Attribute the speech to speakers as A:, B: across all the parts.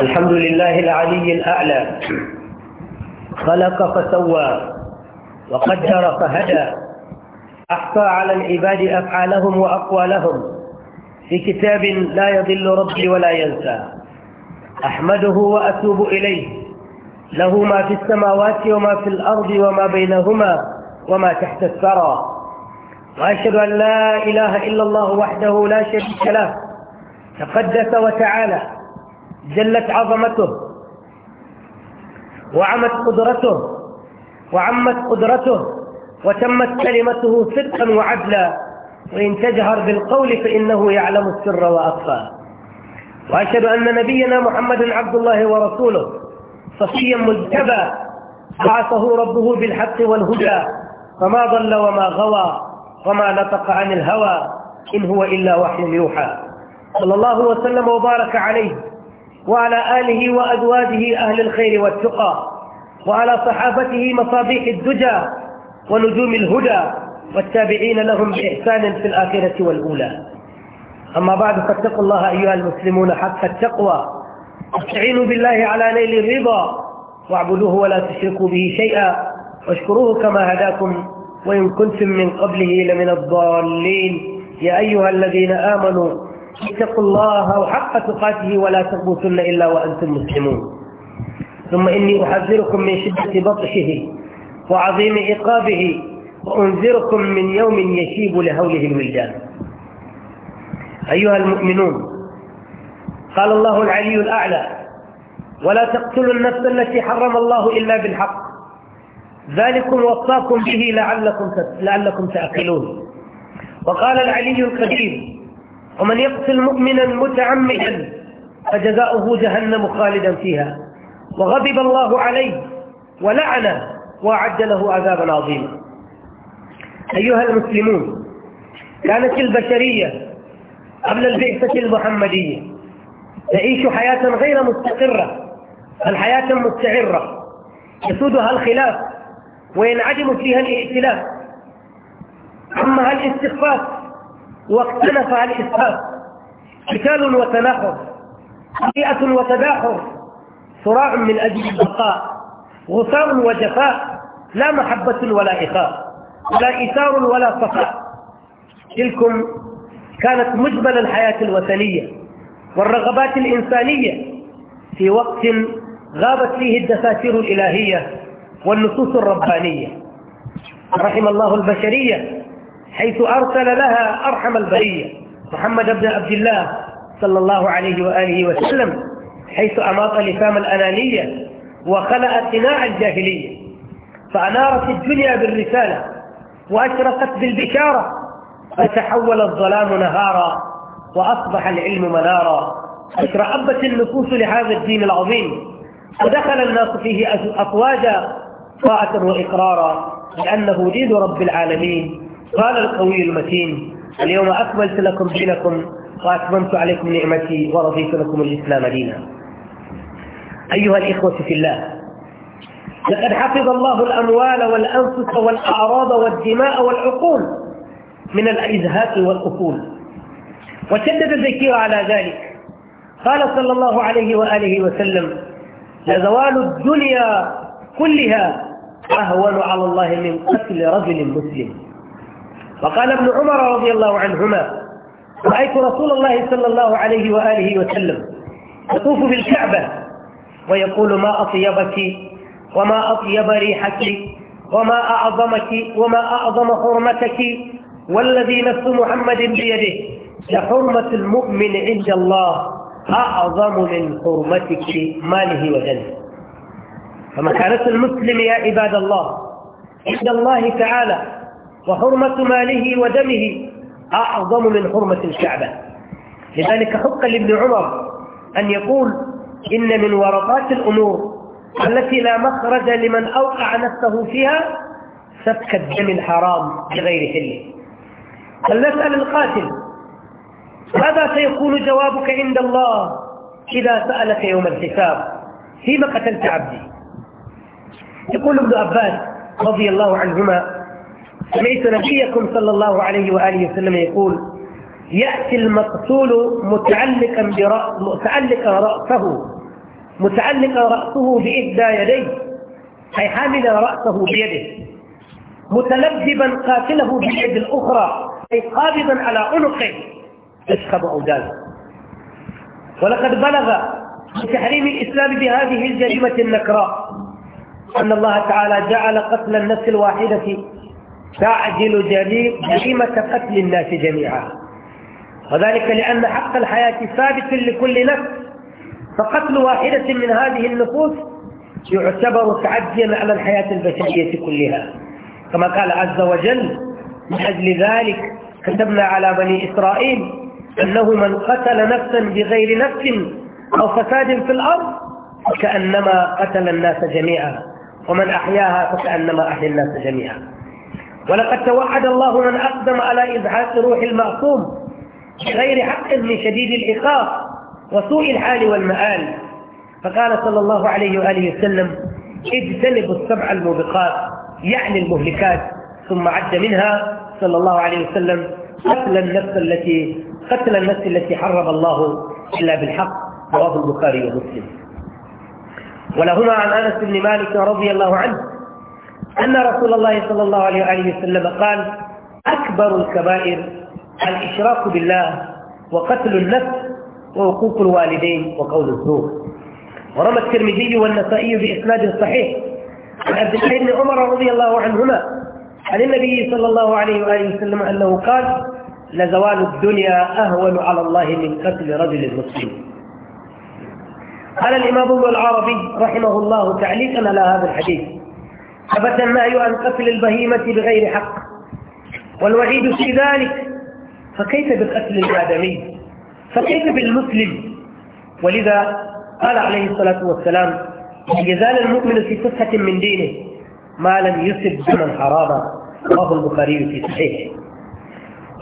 A: الحمد لله العلي الأعلى خلق فسوى وقدر فهدى أحصى على العباد أفعالهم وأقوالهم في كتاب لا يضل ربي ولا ينسى أحمده وأتوب إليه له ما في السماوات وما في الأرض وما بينهما وما تحت الثرى وأشهد أن لا إله إلا الله وحده لا شريك له تقدس وتعالى جلت عظمته وعمت قدرته وعمت قدرته وتمت كلمته صدقا وعدلا وإن تجهر بالقول فإنه يعلم السر وأخفى وأشهد أن نبينا محمد عبد الله ورسوله صفيا مجتبى بعثه ربه بالحق والهدى فما ضل وما غوى وما نطق عن الهوى إن هو إلا وحي يوحى صلى الله وسلم وبارك عليه وعلى آله وأزواجه أهل الخير والتقى وعلى صحابته مصابيح الدجى ونجوم الهدى والتابعين لهم بإحسان في الآخرة والأولى أما بعد فاتقوا الله أيها المسلمون حق التقوى استعينوا بالله على نيل الرضا واعبدوه ولا تشركوا به شيئا واشكروه كما هداكم وإن كنتم من قبله لمن الضالين يا أيها الذين آمنوا اتقوا الله وحق تقاته ولا تموتن إلا وأنتم مسلمون ثم إني أحذركم من شدة بطشه وعظيم عقابه وأنذركم من يوم يشيب لهوله الولدان أيها المؤمنون قال الله العلي الأعلى ولا تقتلوا النفس التي حرم الله إلا بالحق ذلكم وصاكم به لعلكم لعلكم تعقلون وقال العلي القدير ومن يقتل مؤمنا متعمدا فجزاؤه جهنم خالدا فيها وغضب الله عليه ولعنه واعد له عذابا عظيما ايها المسلمون كانت البشريه قبل البعثه المحمديه تعيش حياه غير مستقره بل حياه مستعره يسودها الخلاف وينعدم فيها الائتلاف عمها الاستخفاف واختلفها الاسفاف قتال وتناحر خطيئة وتداحر صراع من أجل البقاء غصار وجفاء لا محبة ولا إخاء ولا إيثار ولا صفاء تلكم كانت مجمل الحياة الوثنية والرغبات الإنسانية في وقت غابت فيه الدساتير الإلهية والنصوص الربانية رحم الله البشرية حيث أرسل لها أرحم البرية محمد بن عبد الله صلى الله عليه وآله وسلم حيث أماط لفام الأنانية وخلأ صناع الجاهلية فأنارت الدنيا بالرسالة وأشرقت بالبشارة فتحول الظلام نهارا وأصبح العلم منارا اشرأبت النفوس لهذا الدين العظيم ودخل الناس فيه أفواجا طاعة وإقرارا لأنه دين رب العالمين قال القوي المتين اليوم أكملت لكم دينكم وأتممت عليكم نعمتي ورضيت لكم الإسلام دينا أيها الإخوة في الله لقد حفظ الله الأموال والأنفس والأعراض والدماء والعقول من الإزهاق والأقول وشدد الذكير على ذلك قال صلى الله عليه وآله وسلم لزوال الدنيا كلها أهون على الله من قتل رجل مسلم وقال ابن عمر رضي الله عنهما رأيت رسول الله صلى الله عليه وآله وسلم يطوف بالكعبة ويقول ما أطيبك وما أطيب ريحك وما أعظمك وما أعظم حرمتك والذي نفس محمد بيده لحرمة المؤمن عند الله أعظم من حرمتك ماله وجنه فمكانة المسلم يا عباد الله عند الله تعالى وحرمة ماله ودمه أعظم من حرمة الكعبة لذلك حق لابن عمر أن يقول إن من ورطات الأمور التي لا مخرج لمن أوقع نفسه فيها سفك الدم الحرام بغير حله فلنسأل القاتل ماذا سيكون جوابك عند الله إذا سألك يوم الحساب فيما قتلت عبدي يقول ابن عباس رضي الله عنهما سمعت نبيكم صلى الله عليه وآله وسلم يقول يأتي المقتول متعلقا برأس متعلقا رأسه متعلقا رأسه بإحدى يديه أي حاملا رأسه بيده متلببا قاتله باليد الأخرى أي قابضا على عنقه يسحب اوداده ولقد بلغ بتحريم الإسلام بهذه الجريمة النكراء أن الله تعالى جعل قتل النفس الواحدة تعجل جريمة قتل الناس جميعا وذلك لأن حق الحياة ثابت لكل نفس فقتل واحدة من هذه النفوس يعتبر تعديا على الحياة البشرية كلها كما قال عز وجل من أجل ذلك كتبنا على بني إسرائيل أنه من قتل نفسا بغير نفس أو فساد في الأرض فكأنما قتل الناس جميعا ومن أحياها فكأنما أحيا الناس جميعا ولقد توعد الله من أقدم على إزعاج روح المعصوم بغير حق من شديد العقاب وسوء الحال والمآل فقال صلى الله عليه وآله وسلم اجتنبوا السبع الموبقات يعني المهلكات ثم عد منها صلى الله عليه وسلم قتل النفس التي قتل النفس التي حرم الله إلا بالحق رواه البخاري ومسلم ولهما عن أنس بن مالك رضي الله عنه أن رسول الله صلى الله عليه وآله وسلم قال أكبر الكبائر الإشراك بالله وقتل النفس ووقوف الوالدين وقول الزور ورمى الترمذي والنسائي بإسناد صحيح عن عبد الله بن عمر رضي الله عنهما عن النبي صلى الله عليه وآله وسلم أنه قال لزوال الدنيا أهون على الله من قتل رجل مسلم قال الإمام ابن العربي رحمه الله تعليقا على هذا الحديث حبث النهي عن قتل البهيمة بغير حق والوعيد في ذلك فكيف بالقتل الآدمي فكيف بالمسلم ولذا قال عليه الصلاة والسلام يزال المؤمن في فسحة من دينه ما لم يسب دما حراما رواه البخاري في صحيحه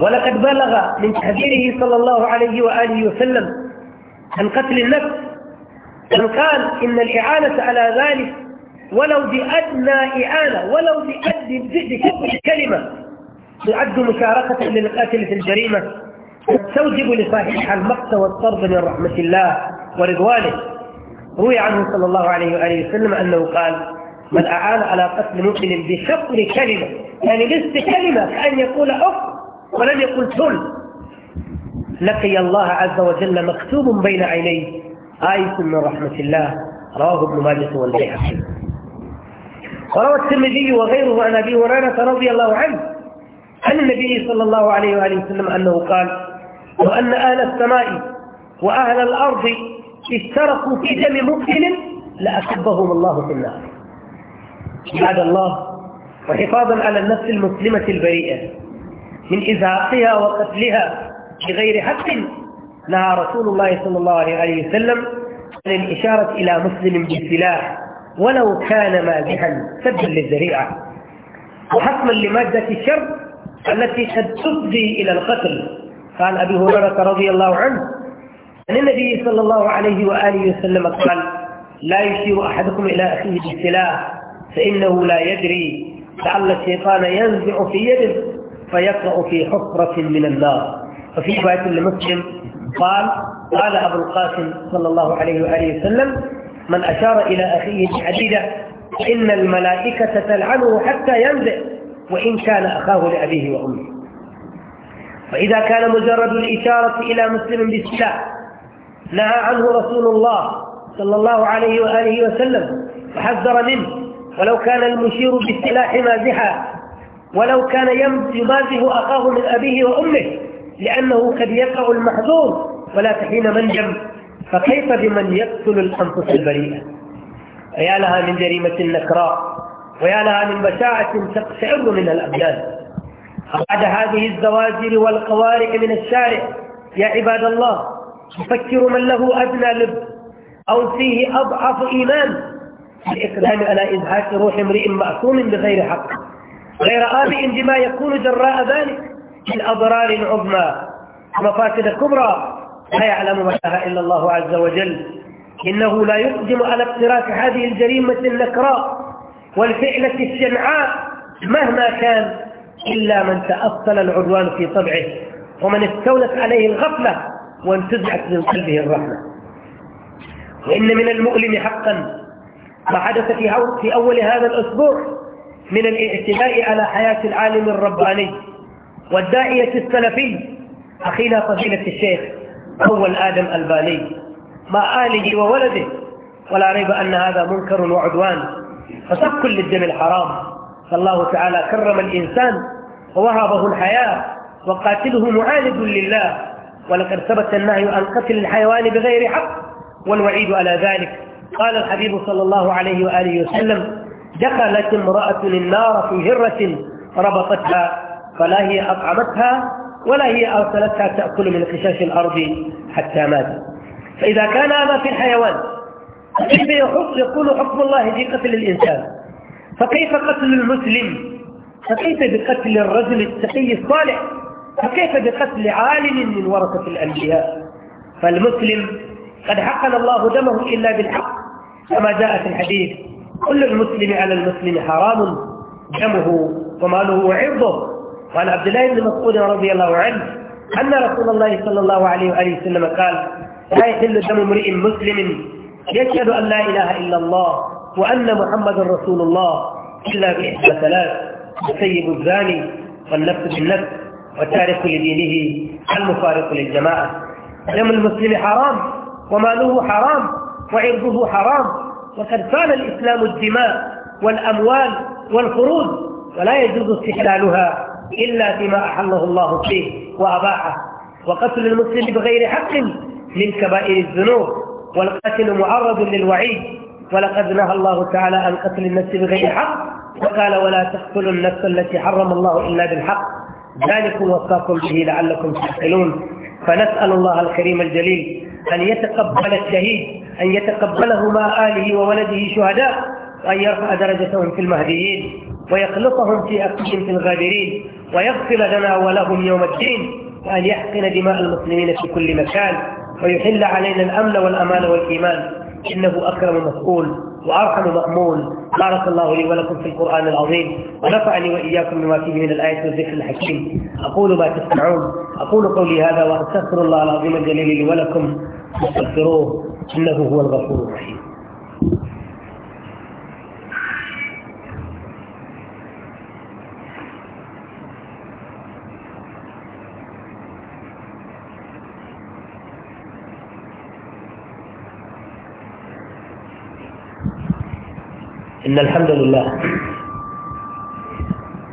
A: ولقد بلغ من تحذيره صلى الله عليه وآله وسلم عن قتل النفس إن كان إن الإعانة على ذلك ولو بأدنى إعانة ولو بأدنى كلمة تعد مشاركة للقاتل في الجريمة تستوجب لصاحبها المقت والطرد من رحمة الله ورضوانه روي عنه صلى الله عليه وآله وسلم أنه قال من أعان على قتل مؤمن بشطر كلمة يعني لست كلمة كأن يقول أف ولم يقل ثل لقي الله عز وجل مكتوب بين عينيه آية من رحمة الله رواه ابن ماجه والبيهقي وروى الترمذي وغيره عن أبي هريرة رضي الله عنه عن النبي صلى الله عليه وآله وسلم أنه قال وأن أهل السماء وأهل الأرض اشتركوا في دم مسلم لأحبهم الله في النار بعد الله وحفاظا على النفس المسلمة البريئة من إزعاقها وقتلها بغير حق نهى رسول الله صلى الله عليه وسلم عن الإشارة إلى مسلم بالسلاح ولو كان مازحا سدا للذريعة وحتما لمادة الشر التي قد تفضي إلى القتل قال أبي هريرة رضي الله عنه أن النبي صلى الله عليه وآله وسلم قال لا يشير أحدكم إلى أخيه بالسلاح فإنه لا يدري لعل الشيطان ينزع في يده فيقرأ في حفرة من النار وفي رواية لمسلم قال قال أبو القاسم صلى الله عليه وآله وسلم من أشار إلى أخيه بحديدة إن الملائكة تلعنه حتى ينزع وإن كان أخاه لأبيه وأمه فإذا كان مجرد الإشارة إلى مسلم بالسلاح نهى عنه رسول الله صلى الله عليه وآله وسلم وحذر منه ولو كان المشير بالسلاح مازحا ولو كان يمازح أخاه من أبيه وأمه لأنه قد يقع المحظور ولا تحين منجم فكيف بمن يقتل الأنفس البريئة فيا لها من جريمة نكراء ويا لها من بشاعة تقشعر من الأبدان بعد هذه الزواجر والقوارع من الشارع يا عباد الله يفكر من له أدنى لب أو فيه أضعف إيمان الإقدام على إزهاق روح امرئ معصوم بغير حق غير آبئ بما يكون جراء ذلك الأضرار العظمى ومفاسد الكبرى لا يعلم متاها إلا الله عز وجل إنه لا يقدم على اقتراف هذه الجريمة النكراء والفعلة الشنعاء مهما كان إلا من تأصل العدوان في طبعه ومن استولت عليه الغفلة وانتزعت من قلبه الرحمة وإن من المؤلم حقا ما حدث في, في أول هذا الأسبوع من الاعتداء على حياة العالم الرباني والداعية السلفي أخينا فضيلة الشيخ أول آدم الباني مع آله وولده ولا ريب أن هذا منكر وعدوان فسق للدم الحرام فالله تعالى كرم الإنسان ووهبه الحياة وقاتله معالج لله ولقد ثبت النهي عن قتل الحيوان بغير حق والوعيد على ذلك قال الحبيب صلى الله عليه وآله وسلم دخلت امرأة النار في هرة ربطتها فلا هي أطعمتها ولا هي أرسلتها تأكل من خشاش الأرض حتى مات فإذا كان هذا في الحيوان كيف يكون حكم الله في قتل الإنسان فكيف قتل المسلم فكيف بقتل الرجل التقي الصالح فكيف بقتل عالم من ورثة الأنبياء فالمسلم قد حقن الله دمه إلا بالحق كما جاء في الحديث كل المسلم على المسلم حرام دمه وماله وعرضه وعن عبد الله بن مسعود رضي الله عنه أن رسول الله صلى الله عليه وآله وسلم قال لا يحل دم امرئ مسلم يشهد أن لا إله إلا الله وأن محمدا رسول الله إلا بإحدى ثلاث السيب الزاني والنفس بالنفس والتارك لدينه المفارق للجماعة دم المسلم حرام وماله حرام وعرضه حرام وقد فان الإسلام الدماء والأموال والخروج ولا يجوز استحلالها إلا فيما أحله الله فيه وأباحه وقتل المسلم بغير حق من كبائر الذنوب والقتل معرض للوعيد ولقد نهى الله تعالى عن قتل النفس بغير حق وقال ولا تقتلوا النفس التي حرم الله إلا بالحق ذلكم وصاكم به لعلكم تعقلون فنسأل الله الكريم الجليل أن يتقبل الشهيد أن يتقبله مع آله وولده شهداء وأن يرفع درجتهم في المهديين ويخلطهم في أكلهم في الغابرين ويغفر لنا ولهم يوم الدين وأن يحقن دماء المسلمين في كل مكان ويحل علينا الأمن والأمان والإيمان إنه أكرم مسؤول وأرحم مأمول بارك الله لي ولكم في القرآن العظيم ونفعني وإياكم بما فيه من الآية والذكر الحكيم أقول ما تسمعون أقول قولي هذا وأستغفر الله العظيم الجليل لي ولكم واستغفروه إنه هو الغفور الرحيم إن الحمد لله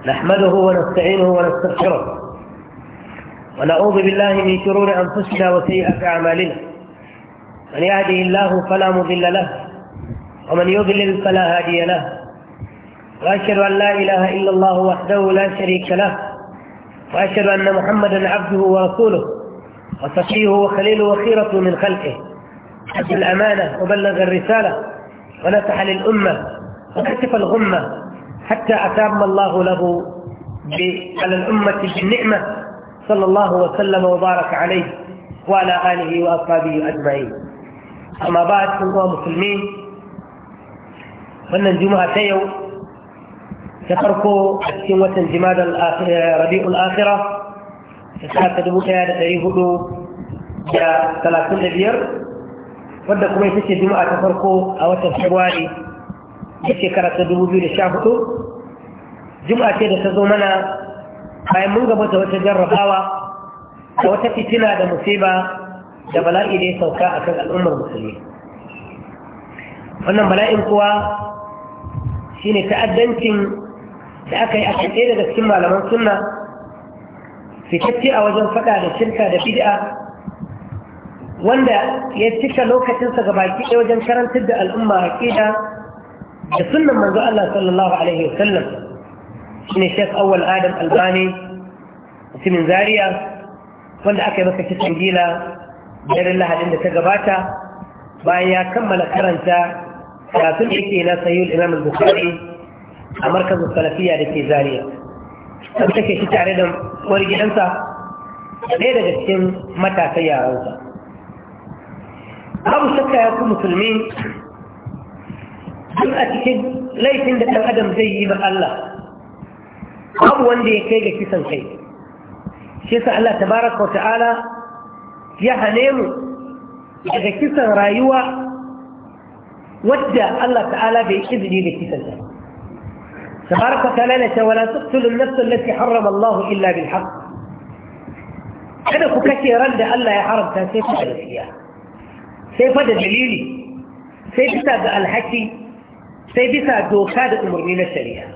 A: نحمده ونستعينه ونستغفره ونعوذ بالله من شرور أنفسنا وسيئة أعمالنا من يهده الله فلا مضل له ومن يضلل فلا هادي له وأشهد أن لا إله إلا الله وحده لا شريك له وأشهد أن محمدا عبده ورسوله وصفيه وخليله وخيرة من خلقه أدى الأمانة وبلغ الرسالة ونصح للأمة وكثف الغمة حتى أتام الله له على الأمة بالنعمة صلى الله وسلم وبارك عليه وعلى آله وأصحابه أجمعين أما بعد فهو مسلمين فن الجمعة تيو تفرقوا أسيوة جماد الآخرة ربيع الآخرة فسات دموك يا دعيه دو يا ثلاثون أبير ودكم أي تشي جمعة تفرقوا أو تفرقوا da shekara ta 2014 juma'a ce da ta zo mana bayan mun da wata jarrabawa da wata fitina da musiba da bala'i da ya sauka a kan al'ummar musulmi wannan bala'in kuwa shi ne ta'addancin da aka yi a kan ɗaya daga cikin malaman sunna fitacce a wajen faɗa da shirka da bid'a wanda ya cika lokacinsa ga baki ɗaya wajen karantar da al'umma ƙida. da sunan manzo Allah sallallahu alaihi wasallam shine Sheikh Awwal Adam Albani mutumin Zaria wanda aka yi maka kisan gila daren Lahadin da ta gabata bayan ya kammala karanta karatun da yake na Sayyid Imam Bukhari a markazin Salafiya da ke Zaria ta take shi tare da wani gidansa ɗaya daga cikin matasa yaransa babu shakka ya ku musulmi duk a cikin laifin da ɗan adam zai yi ba Allah babu wanda ya kai ga kisan kai shi sa Allah tabaraka ta'ala ya hane mu daga kisan rayuwa wadda Allah ta'ala bai izini da kisan ta tabaraka ta'ala ne cewa la taqtulu an-nafs allati harrama Allah illa bil haqq kada ku kace ran da Allah ya haramta sai ku da gaskiya sai fa da dalili sai bisa ga alhaki سيدفع دوخات المرنين الشريعة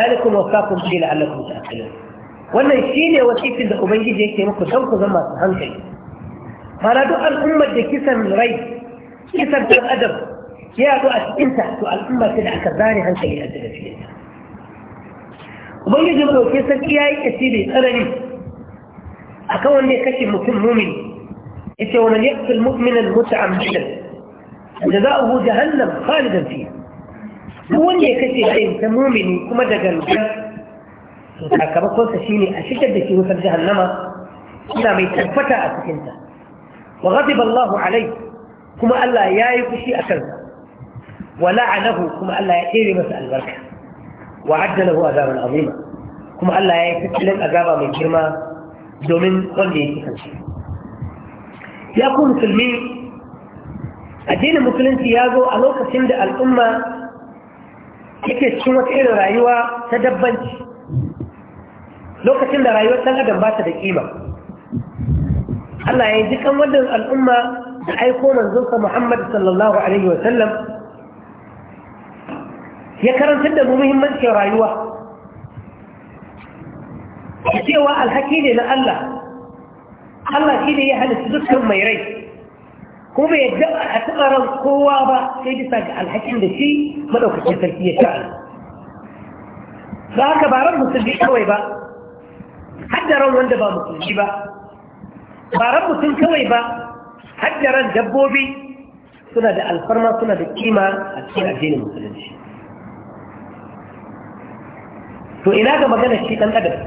A: ذلك وفاكم شيء لعلكم تأخذون وانا يشيني وكيف اذا ابنجي جيك يمكن شوك زمان سهان كي فانا دعا الامة دي كيسا من ريب كيسا من الادب يا دعا انت دعا الامة تدعا كذاني عن كي يأدب في الناس ubangiji mai ɗauke san iyaye ka ce bai tsanani a kan wanda ya جزاؤه جهنم خالدا فيها لون يا كتي هاي انت مؤمن كما قلت شيني اشد في وفر جهنم الى ما يتفتا اتكنت وغضب الله عليه كما الا يا يكشي اكلت ولعنه كما الا يأتي مسأل البركة وعد له عذابا عظيما كما الا يا يكتلم عذابا من كرما دومين قل يا يكون في المين addinin musulunci ya zo a lokacin da al'umma yake cikin wata irin rayuwa ta dabbanci lokacin da rayuwar ɗan adam ba ta da ƙima Allah ya yi kan wannan al'umma da aiko manzonsa Muhammad sallallahu alaihi wa sallam ya karantar da mu muhimmancin rayuwa cewa alhaki ne na Allah Allah shi ne ya halitta dukkan mai rai ko bai yadda a taɓa ran kowa ba sai bisa ga alhakin da shi maɗaukacin sarki ya sha'a ba haka ba ran musulmi kawai ba har da ran wanda ba musulmi ba ba ran mutum kawai ba har da ran dabbobi suna da alfarma suna da kima a cikin addinin musulunci to ina ga magana shi ɗan adam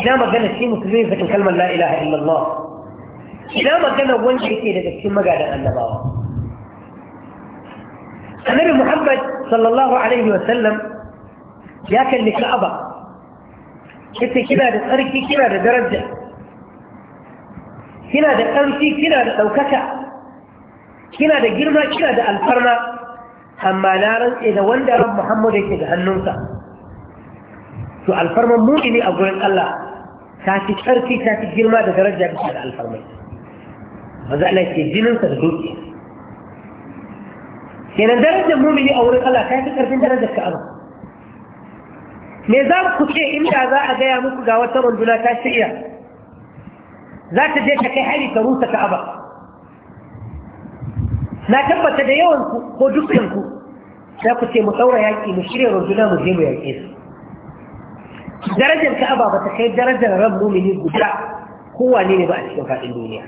A: ina magana shi musulmi zakin kalmar la ilaha illallah ina magana wanda yake daga cikin magadan annabawa annabi muhammad sallallahu alaihi wa sallam, ya kalli ka'aba yace kina da tsarki kina da daraja kina da ƙarfi kina da ɗaukaka kina da girma kina da alfarma amma na rantse da wanda ran muhammad yake da hannunsa to alfarman muini a gurin allah ta fi tsarki ta fi girma da daraja da alfarmai manzo Allah ce jinin sa da doki kenan darajar mumini a wurin Allah kai fi karfin darajar Ka'aba me za ku ce inda za a gaya muku ga wata runduna ta shirya za ta je ta kai hari ta rusa Ka'aba na tabbata da yawan ku ko dukkan ku za ku ce mu daura yaki mu shirya runduna mu je mu yaƙe su darajar ka'aba ba ta kai darajar ran mumini guda kowane ne ba a cikin faɗin duniya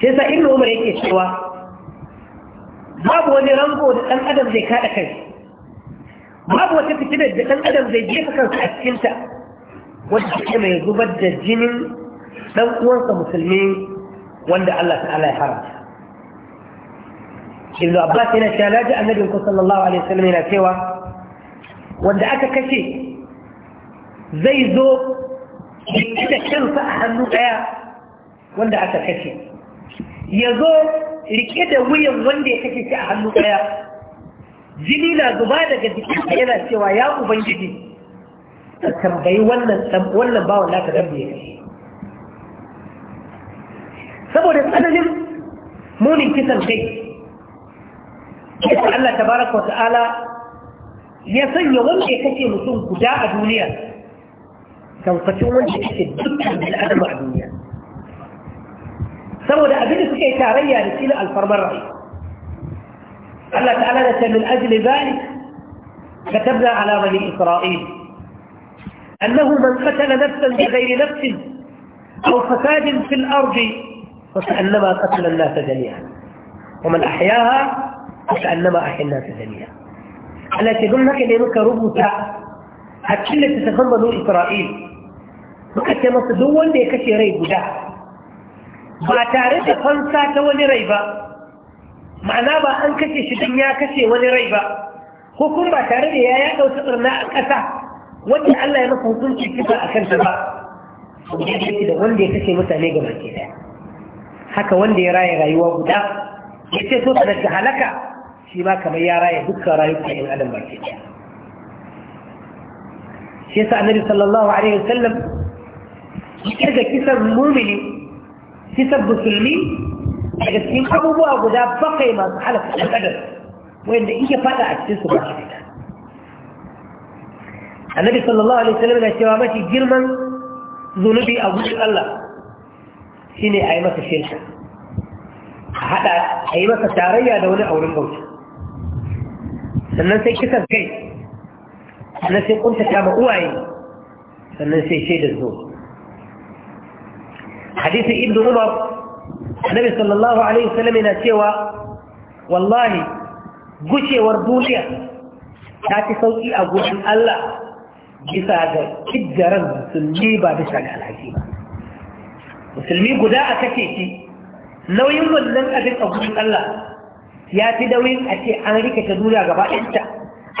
A: sai sa ibn umar yake cewa babu wani rango da ɗan adam zai kaɗa kai babu wata fitinar da ɗan adam zai jefa kansa a cikinta wanda take mai zubar da jinin ɗan uwansa musulmi wanda Allah ta'ala ya haramta ibn abbas yana cewa laji annabi ko sallallahu alaihi wasallam yana cewa wanda aka kashe zai zo da kansa a hannu ɗaya wanda aka kashe ya zo rike da wuyan wanda ya kashe shi a hannu ɗaya jini na zuba daga jikinsa yana cewa ya ubangiji ka tambayi wannan wannan bawan naka dan bai saboda tsananin munin kisan kai Allah tabaraka wa ta'ala ya sanya wanda ya kashe mutum guda a duniya fatin wanda ya kashe dukkan al'adu a duniya saboda abin da suka yi tarayya da shi na alfarmar rai Allah ta'ala da كتبنا على بني إسرائيل أنه من قتل نفسا بغير نفس أو فساد في الأرض فكأنما قتل الناس جميعا ومن أحياها فكأنما أحيا الناس جميعا التي قلنا كلمك ربوتا هتشلة تتغمض إسرائيل وكتما تدول لكشي ريب جاء ba tare da fansa ta wani rai ba ma'ana ba an kashe shi don ya kashe wani rai ba ko kuma ba tare da ya yaɗa wasu tsarna a ƙasa wanda Allah ya masa hukunci kisa a kanta ba da wanda ya kashe mutane ga baki haka wanda ya raya rayuwa guda ya ce so da halaka shi ba kamar ya raya dukkan rayuka ɗin adam baki ɗaya shi yasa annabi sallallahu alaihi wasallam ya kirga kisan mumini في سب سلمي حاجة يعني سين حبوبها وقد بقي ما حلف الأدب وإن إيه فلا أكسس النبي صلى الله عليه وسلم الاهتمامات جرما ذنبي أو جرم الله سيني أيما تشيل حتى أيما تشاري يا دولة أو رمضوش سننسي كسر كي سننسي قمت كام أوعي سننسي شيد الزوج hadisi ibnu umar nabi sallallahu alaihi wasallam yana cewa wallahi gushewar duniya ta ci sauki a gurin Allah bisa ga kiddaran musulmi ba bisa ga alhaki ba musulmi guda a kace shi nauyin wannan abin a gurin Allah ya fi nauyin a ce an rike ta duniya gaba ɗanta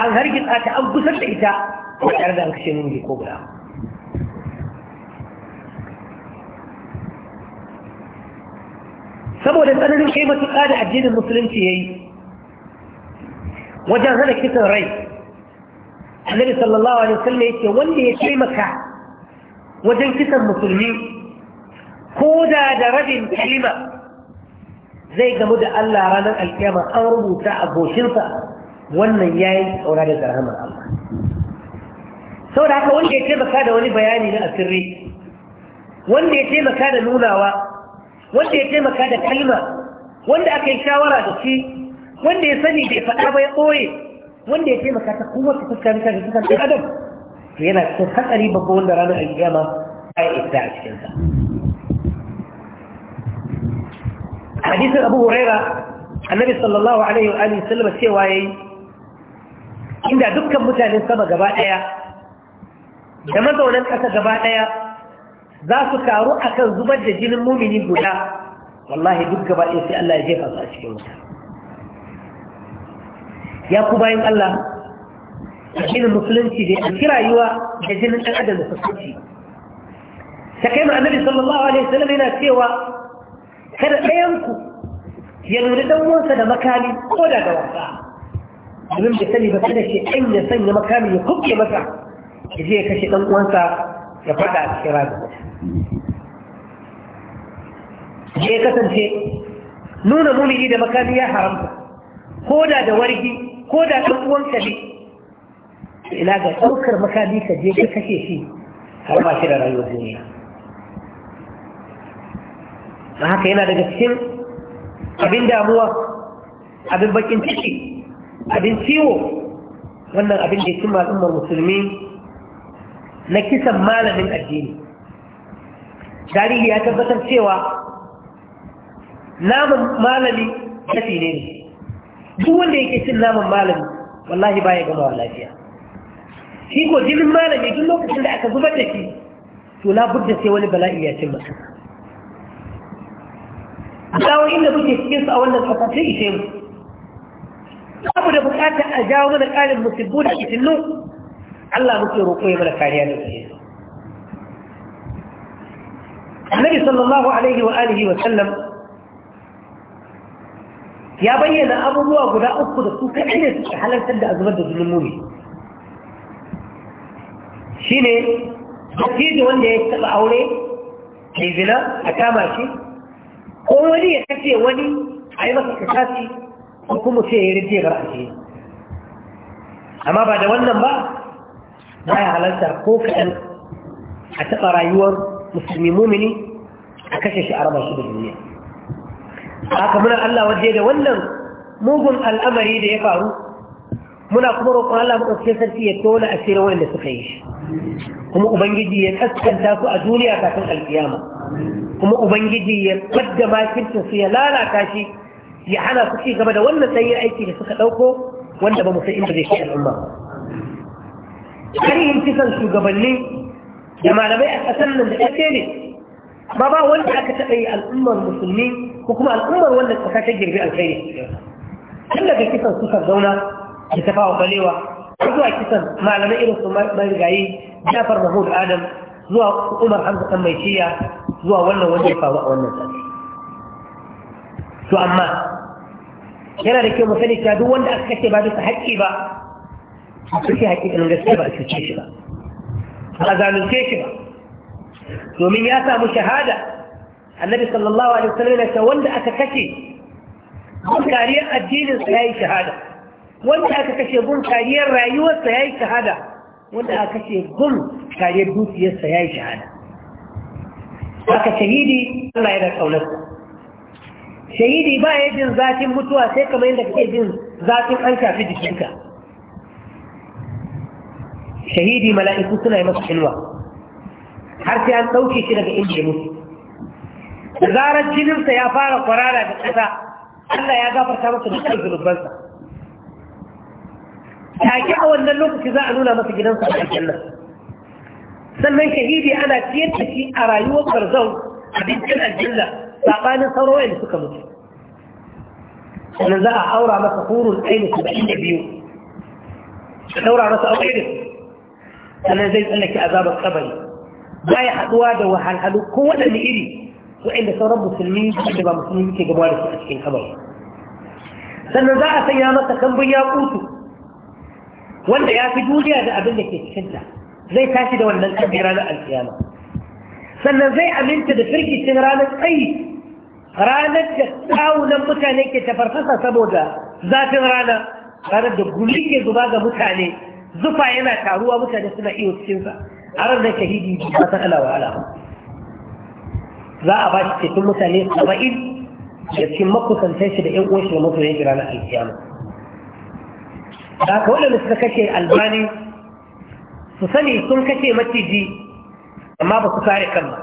A: an hargitsa ta an gusar da ita ko tare da an kashe mun ko guda saboda tsananin kai matuƙa da addinin musulunci ya yi wajen hana kisan rai annabi sallallahu alaihi wasallam yake wanda ya taimaka wajen kisan musulmi ko da da rabin kalima zai gamu da Allah ranar alkiyama an rubuta a goshinsa wannan yayi tsaura da zarhamar Allah saboda haka wanda ya taimaka da wani bayani na asirri wanda ya taimaka da nunawa wanda ya taimaka da kalma wanda aka yi shawara da shi wanda ya sani bai faɗa ba ya ɓoye wanda ya taimaka ta kuma su fuska mutane da fuskar adam to yana cikin hatsari babba wanda ranar alkiyama a yi isa a cikinsa hadisin abu huraira annabi sallallahu alaihi wa sallam sallama cewa yayi inda dukkan mutanen sama gaba ɗaya da mazaunan ƙasa gaba ɗaya za su taru akan zubar da jinin mumini guda wallahi duk gaba ɗaya sai Allah ya jefa su a cikin wuta ya ku bayan Allah addinin musulunci da an rayuwa da jinin ɗan adam da sassauci ta kai ma annabi sallallahu alaihi wasallam yana cewa kada ɗayan ku ya nuna dan uwansa da makami ko da da wasa domin bai sani ba kada shi ɗan ya sanya makami ya kubke masa ya je ya kashe dan uwansa ya faɗa a cikin rayuwa ya kasance nuna mumini da makami ya haramta ko da da wargi ko da ɗan uwanka ne ila ga ɗaukar makami ka je ka kashe shi har ma shi da rayuwar duniya na haka yana daga cikin abin damuwa abin bakin ciki abin ciwo wannan abin da ya cimma al'ummar musulmi na kisan malamin addini tarihi ya tabbatar cewa naman malami kafi ne ne duk wanda yake cin naman malami wallahi baya gama wa lafiya shi ko jinin malami duk lokacin da aka zubar da shi to labudda sai wani bala'i ya cin a dawoyin inda muke cikin su a wannan kasa ishe mu Abu da bukatar a jawo mana ƙarin musibbu da nun? Allah muke roƙo ya mana kariya da kariya annabi sallallahu alaihi wa alihi wa sallam ya bayyana abubuwa guda uku da su kaɗai ne suke halartar da azubar da zulun mumi shi ne dattijo wanda ya taɓa aure mai zina a kama shi ko wani ya kace wani a yi masa kasasi ko kuma sai ya rije bar ajiye amma ba da wannan ba ba ya halarta ko kaɗan a taɓa rayuwar musulmi mumini a kashe shi a raba shi da duniya haka muna Allah waje da wannan mugun al'amari da ya faru muna kuma roƙon Allah mu ɗauke sarki ya tona asirin wanda suka yi shi kuma ubangiji ya kaskanta su a duniya kafin alkiyama kuma ubangiji ya fadda makircin su ya lalata shi ya hana su ci gaba da wannan sanyin aiki da suka ɗauko wanda ba mu inda zai kai al'umma tarihin kisan shugabanni da malamai a ƙasar nan da ɗake ne amma ba wanda aka taɓa yi al'ummar musulmi ko kuma al'ummar wanda ƙasa ta girbi alkhairi tun daga kisan suka zauna da ta fawa balewa zuwa kisan malamai irin su marigayi jafar mahmud adam zuwa umar hamza kan mai shiya zuwa wannan wanda ya faru a wannan sati to amma yana da kyau mu sani cewa duk wanda aka kace ba bisa haƙƙi ba a cikin haƙiƙanin gaskiya ba a cuce shi ba ba a zalunce shi ba domin ya samu shahada annabi sallallahu alaihi wasallam ya ce wanda aka kashe gun kariyar addinin ya yi shahada wanda aka kashe gun kariyar rayuwar ya yi shahada wanda aka kashe gun kariyar dukiyarsa ya yi shahada haka shahidi Allah yana ƙaunarsa shahidi ba ya jin zafin mutuwa sai kamar yadda kake jin zafin an shafi jikinka shahidi mala'iku suna yi masa inuwa har sai an ɗauke shi daga inda ya mutu da zarar jininsa ya fara kwarara da ƙasa Allah ya gafarta masa da kan zunubansa take a wannan lokaci za a nuna masa gidansa a aljanna sannan shahidi ana ciyar da shi a rayuwar barzau a bincin aljanna saɓanin sauro da suka mutu sannan za a aura masa hurun aini saba'in da biyu a ɗaura masa aure da sannan zai tsallake azabar kabari باي حدوا ده وحال حدو كوانا نئلي وإن ده رب سلمين كتبا مسلمين كي جبالي سأشكين حبار سنزاء سيامة كم بيا قوتو وانا يا في جوليا ده أبن لك يتشنتا زي تاشي ده وانا الأميران القيامة سنزاء أمنت ده فرقي سنرانة أي رانة جساو نمتاني كي تفرفصا سبودا ذات رانة رانة ده قولي كي زبادة متاني زفا ينا تعروا متاني سنعيه السنفا har da shahidi ba ta ala wahala za a ba shi cikin mutane saba'in da cikin makusantar shi da ƴan uwan shi da mutu ya jira na alkiyama da ka waɗanda suka kashe albani su sani sun kashe maciji amma ba su kare kan ba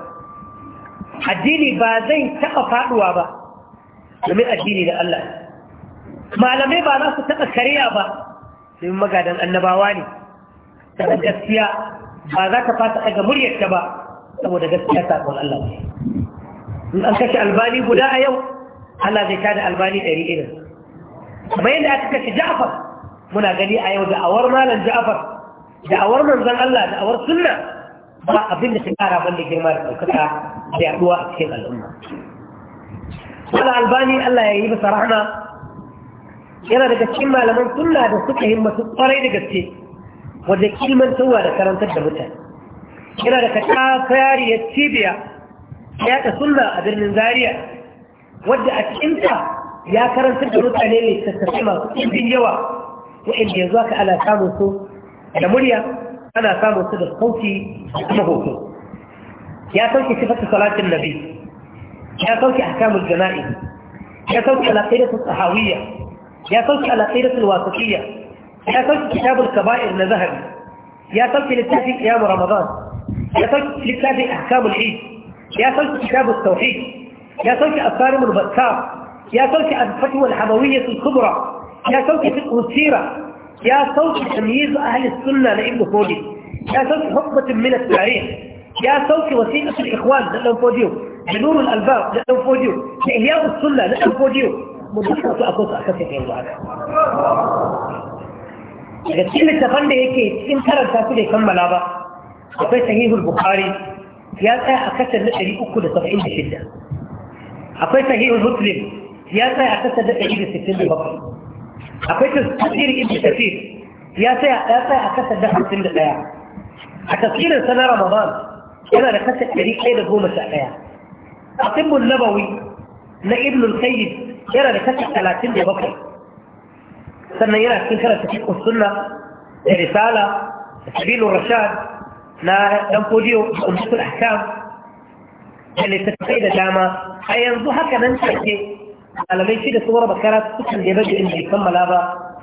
A: addini ba zai taɓa faɗuwa ba domin addini da Allah malamai ba za su taɓa kariya ba domin magadan annabawa ne ta gaskiya ba za ka fata daga muryarta ba saboda gaskiya sakon Allah ne in an kashe albani guda a yau Allah zai tada albani ɗari irin kamar yadda aka kashe Ja'far muna gani a yau da'awar malam Ja'far da'awar awar manzon Allah da'awar sunna ba abin da ta kara banda girma da ɗaukaka da yaɗuwa a cikin al'umma wani albani Allah ya yi masa rahama yana daga cikin malaman sunna da suka himmatu kwarai da gaske wadda ilmantarwa da karantar da mutane yana daga tafiyariyar cibiya ya ta sunna a birnin zaria wadda a cikinta ya karantar da mutane ne tattafi masu ɗimbin yawa wa'inda yanzu aka ana samun su da murya ana samun su da sauki da kuma hoto ya sauke sifatu salatin nabi ya sauke ahkamul jana'i ya sauke alaqidatul sahawiyya ya sauke alaqidatul wasatiyya يا ترك كتاب الكبائر من ذهب يا ترك للتأتي قيام رمضان يا ترك للتأتي أحكام العيد يا ترك كتاب التوحيد يا ترك أسالم البكار يا ترك الفتوى الحموية الكبرى يا ترك الأنسيرة يا ترك تمييز أهل السنة لإبن فودي يا ترك حقبة من التعريف يا ترك وسيلة الإخوان لأن فوديو بنور الألباب لأن فوديو بإهياء السنة لأن فوديو مدفعة أقوص أكثر الله عليه daga cikin littafan da yake cikin karanta su bai kammala ba akwai sahihul bukhari ya tsaya a kasar na ɗari uku da saba'in da shida akwai sahihul muslim ya tsaya a kasar na ɗari da sittin da bakwai akwai tasirin ibn tafir ya tsaya ya tsaya a kasar na hamsin da ɗaya a tasirin sana ramadan yana da kasar ɗari ɗaya da goma sha ɗaya a tibbul nabawi na ibn al-qayyid yana da kasar talatin da bakwai sannan yana cikin karanta cikin suna da risala da sabilun rashad na dan fodiyo da ummatul ahkam da littattafai da dama a yanzu haka nan take malamai shi da su warba kara sukan da in inda ya kammala ba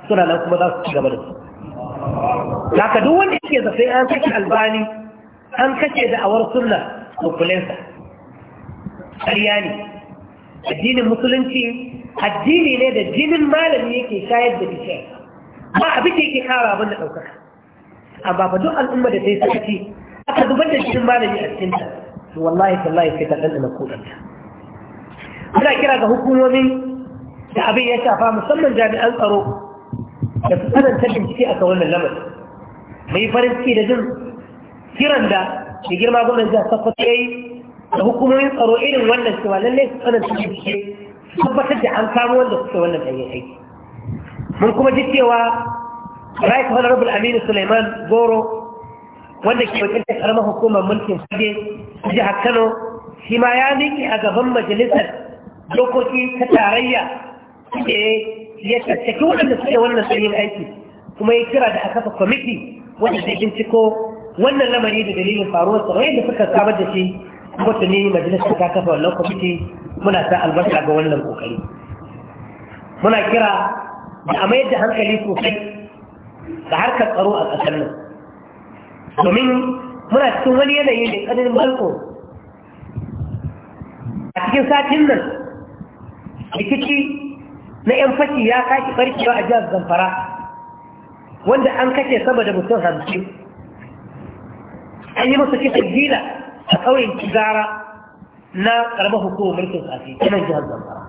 A: suna nan kuma za su ci gaba da su haka duk wanda yake zafe an kashe albani an kashe da'awar sunna da kulensa ƙarya ne addinin musulunci addini ne da jinin malami yake shayar da bishiyar ba abin da yake kara abin da ɗaukaka amma ba duk al'umma da ta yi aka zubar da jinin malami a cikin ta to wallahi sai ta ɗanɗana kuɗanta muna kira ga hukumomin da abin ya shafa musamman jami'an tsaro da su tsananta bincike a kan wannan lamarin mai farin ciki da jin kiran da da girma gwamnati a sakwato ya yi da hukumomin tsaro irin wannan cewa lalle su tsanan su tabbatar da an samu wanda suke wannan ɗanyen aiki mun kuma ji cewa right honorable aminu suleiman goro wanda ke wakilta karamar hukumar mulkin fage jihar kano shi ma ya miƙe a gaban majalisar dokoki ta tarayya da ya tattaki waɗanda suke wannan sanyin aiki kuma ya kira da a kafa kwamiti wanda zai binciko wannan lamari da dalilin faruwar tsaro yadda suka samar da shi wata ne majalisar ta kafa wannan kwamiti muna ta albarka ga wannan kokari muna kira da a mayar da hankali sosai da harkar tsaro a ƙasar nan domin muna cikin wani yanayi da ƙanin balko a cikin satin nan rikici na 'yan fashi ya kashi barkewa a jihar zamfara wanda an kashe sama da mutum hamsin an yi musu kisan gila a ƙauyen kigara na ƙarbar hukumar mulkin tsafi kuma jihar zamfara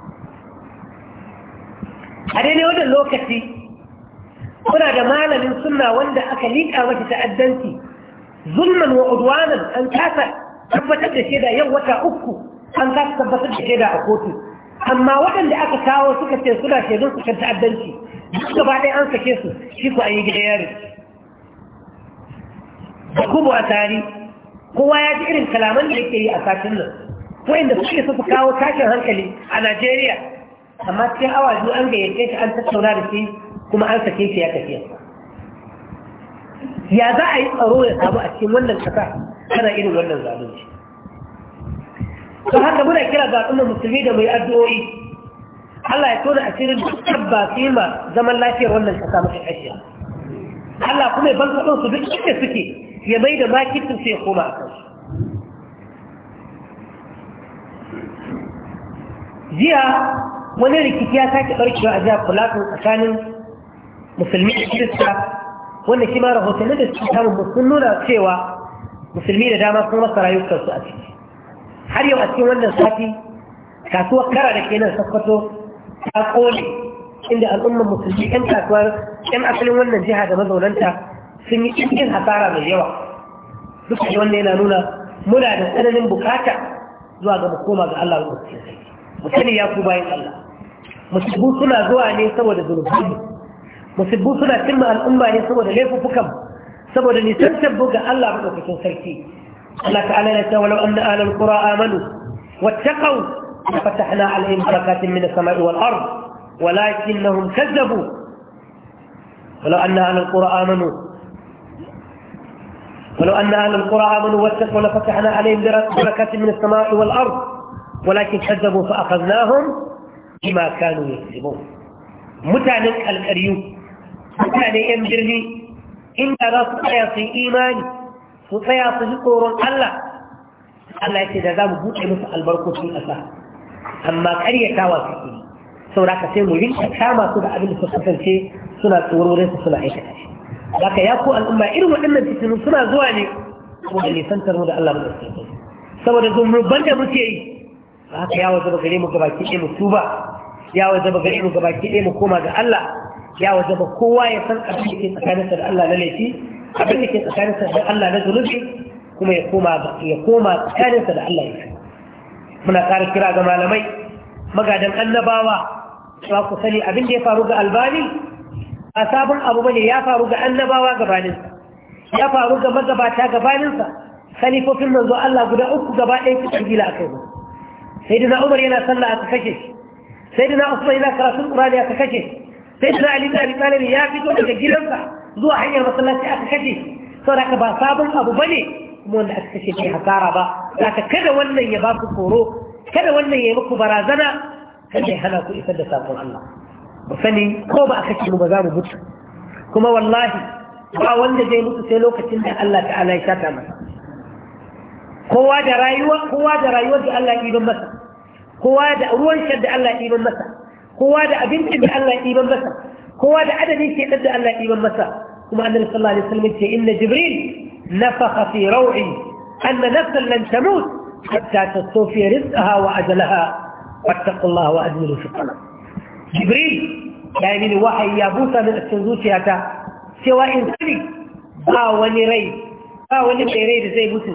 A: a daidai wannan lokaci kuna da malamin sunna wanda aka liƙa mata ta'addanci zulman wa udwanan an kasa tabbatar da shaida yau wata uku an kasa tabbatar da shaida a kotu amma waɗanda aka kawo suka ce suna shaidun su kan ta'addanci duk gaba ɗaya an sake su shi ku an yi gida yari da kubu a tari kowa ya ji irin kalaman da yake yi a satin nan wayanda suke su kawo tashin hankali a najeriya amma cikin awa biyu an gayyace shi an tattauna da shi kuma an sake shi ya tafiya ya za a yi tsaro ya samu a cikin wannan kasa kana irin wannan zalunci to haka muna kira ga al'umma musulmi da mai addu'o'i Allah ya tona asirin dukkan ba su yi ma zaman lafiyar wannan kasa mafi ashiya Allah kuma ya banka su duk inda suke ya mai da makitin sai koma jiya wani rikici ya sake barkewa a jihar Plateau tsakanin musulmi da kirista wanda shi ma rahotanni da suke samun sun nuna cewa musulmi da dama sun masa rayukansu a ciki har yau a cikin wannan sati kasuwar kara da kenan sakwato ta kone inda al'ummar musulmi 'yan kasuwar 'yan asalin wannan jiha da mazaunanta sun yi cikin hasara mai yawa duk da wannan yana nuna muna da tsananin bukata zuwa ga mu koma ga Allah ko mu sani ya ku bayan Allah musibbu suna zuwa ne saboda zunubi musibbu suna cimma al'umma ne saboda laifukan saboda nisantar buga Allah madaukakin sarki Allah ta'ala ya ce walau anna ahlul qura amanu wattaqu fatahna alaihim barakatin min as-sama'i wal ard walakinnahum kazzabu ولو أن أهل القرى آمنوا ولو أن أهل القرى آمنوا واتقوا لفتحنا عليهم بركات من السماء والأرض ولكن كذبوا فأخذناهم بما كانوا يكذبون متعن الكريو متعن إمجرني إن رأس أيطي إيمان فتياط القرى الله الله يتدى ذا مبوط مسع البركو في الاساس أما كريا تواسكين سوراك سيمو جنك كاما سبع بالسخصان شيء سنة ورورة سنة إيطي zaka ya ku al'umma irin waɗannan fitinu suna zuwa ne saboda nisantar mu da Allah da su saboda zumurban da muke yi ba haka ya zaba gare mu gabaki ɗaya mu tuba ya zaba gare mu gabaki ɗaya mu koma ga Allah yawo zaba kowa ya san abin da ke tsakaninsa da Allah na laifi abin da ke tsakaninsa da Allah na zunubi kuma ya koma ya koma tsakaninsa da Allah ya muna ƙara kira ga malamai magadan annabawa ba ku sani abin da ya faru ga albani ba sabon abu bane ya faru ga annabawa gabaninsa ya faru ga magabata gabaninsa khalifofin manzo Allah guda uku gaba ɗaya su kabila a kai sayyidina Umar yana sallah aka kashe shi sayyidina Usman yana karatun Qur'ani aka kashe shi sayyidina Ali da Talib ya fito daga gidansa zuwa hanyar masallaci aka kashe shi saboda ba sabon abu bane kuma wanda aka kashe bai hasara ba ka kada wannan ya ba ku tsoro kada wannan ya yi muku barazana kada ya hana ku isar da sakon Allah sani ko ba a kashe mu ba za mu mutu kuma wallahi ba wanda zai mutu sai lokacin da Allah ta ta'ala ya shata masa kowa da rayuwa kowa da rayuwar da Allah ya masa kowa da ruwan shar da Allah ya masa kowa da abincin da Allah ya masa kowa da adadin shekar da Allah ya masa kuma annabi sallallahu alaihi wasallam ce inna jibril nafakha fi raw'i an nafsan lan tamut hatta tastofi rizqaha wa ajalaha wattaqullaha wa ajmilu fi jibril ya yi mini wahayi ya busa min a cikin zuciyata cewa in sani ba wani rai ba wani mai rai da zai mutu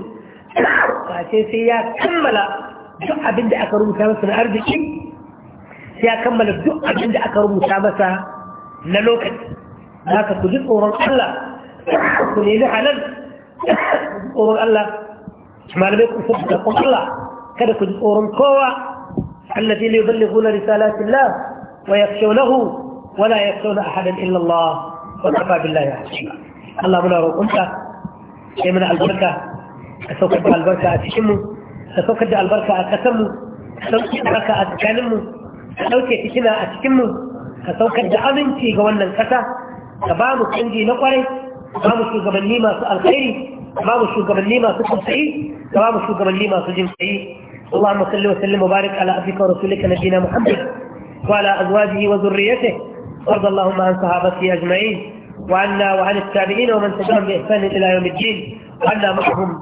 A: ba sai ya kammala duk abin da aka rubuta masa na arziki sai ya kammala duk abin da aka rubuta masa na lokaci za ka ku ji tsoron Allah ku nemi halal tsoron Allah malamai ku sabbi da Allah kada ku ji tsoron kowa الذين يبلغون رسالات الله ويخشونه ولا يخشون أحدا إلا الله وكفى بالله حسيبا الله منا روكنت يمنع البركة أسوكد البركة أتشمه أسوكد البركة أتسمه أسوكد البركة أتكلمه أسوكد تشنا أتشمه أسوكد أمنتي قولنا الكسا تبامو عندي نقري تبامو شو قبل لي ما الخيري تبامو شو قبل لي ما سكن سعيد تبامو شو قبل لي ما سجن سعيد اللهم صل وسلم وبارك على عبدك ورسولك نبينا محمد وعلى أزواجه وذريته وارض اللهم عن صحابته أجمعين وعنا وعن التابعين ومن تبعهم بإحسان إلى يوم الدين وعنا معهم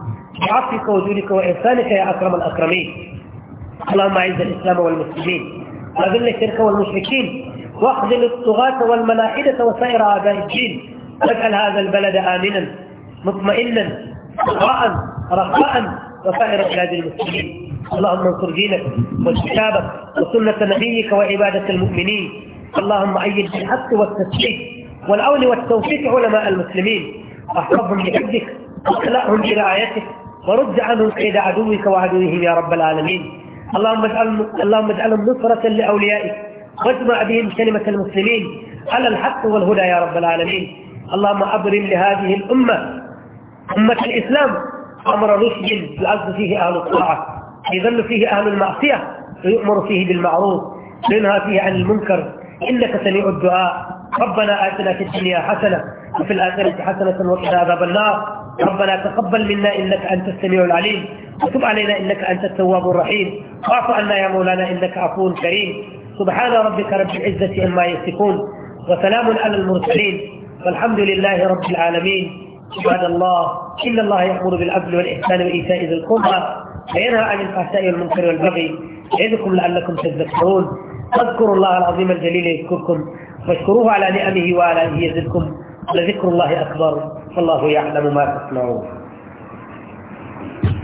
A: بعفوك وجودك وإحسانك يا أكرم الأكرمين اللهم أعز الإسلام والمسلمين وأذل الشرك والمشركين واخذل الطغاة والملاحدة وسائر أعداء الدين واجعل هذا البلد آمنا مطمئنا رخاء رخاء وسائر بلاد المسلمين اللهم انصر دينك وكتابك وسنة نبيك وعبادة المؤمنين اللهم أيد بالحق والتسليم والعون والتوفيق علماء المسلمين احفظهم بحبك واخلأهم برعايتك ورد عنهم كيد عدوك وعدوهم يا رب العالمين اللهم اجعلهم اللهم اجعلهم نصرة لأوليائك واجمع بهم كلمة المسلمين على الحق والهدى يا رب العالمين اللهم أبرم لهذه الأمة أما الإسلام أمر رشد العز فيه أهل الطاعة يذل فيه أهل المعصية ويؤمر فيه بالمعروف وينهى فيه عن المنكر إنك سميع الدعاء ربنا آتنا في الدنيا حسنة وفي الآخرة حسنة وقنا عذاب النار ربنا تقبل منا إنك أنت السميع العليم وتب علينا إنك أنت التواب الرحيم واعف عنا يا مولانا إنك عفو كريم سبحان ربك رب العزة عما يصفون وسلام على المرسلين والحمد لله رب العالمين عباد الله إن الله يأمر بالعدل والإحسان وإيتاء ذي القربى وينهى عن الفحشاء والمنكر والبغي يعظكم لعلكم تذكرون فاذكروا الله العظيم الجليل يذكركم واشكروه على نعمه وعلى أنه يزدكم ولذكر الله أكبر فالله يعلم ما تصنعون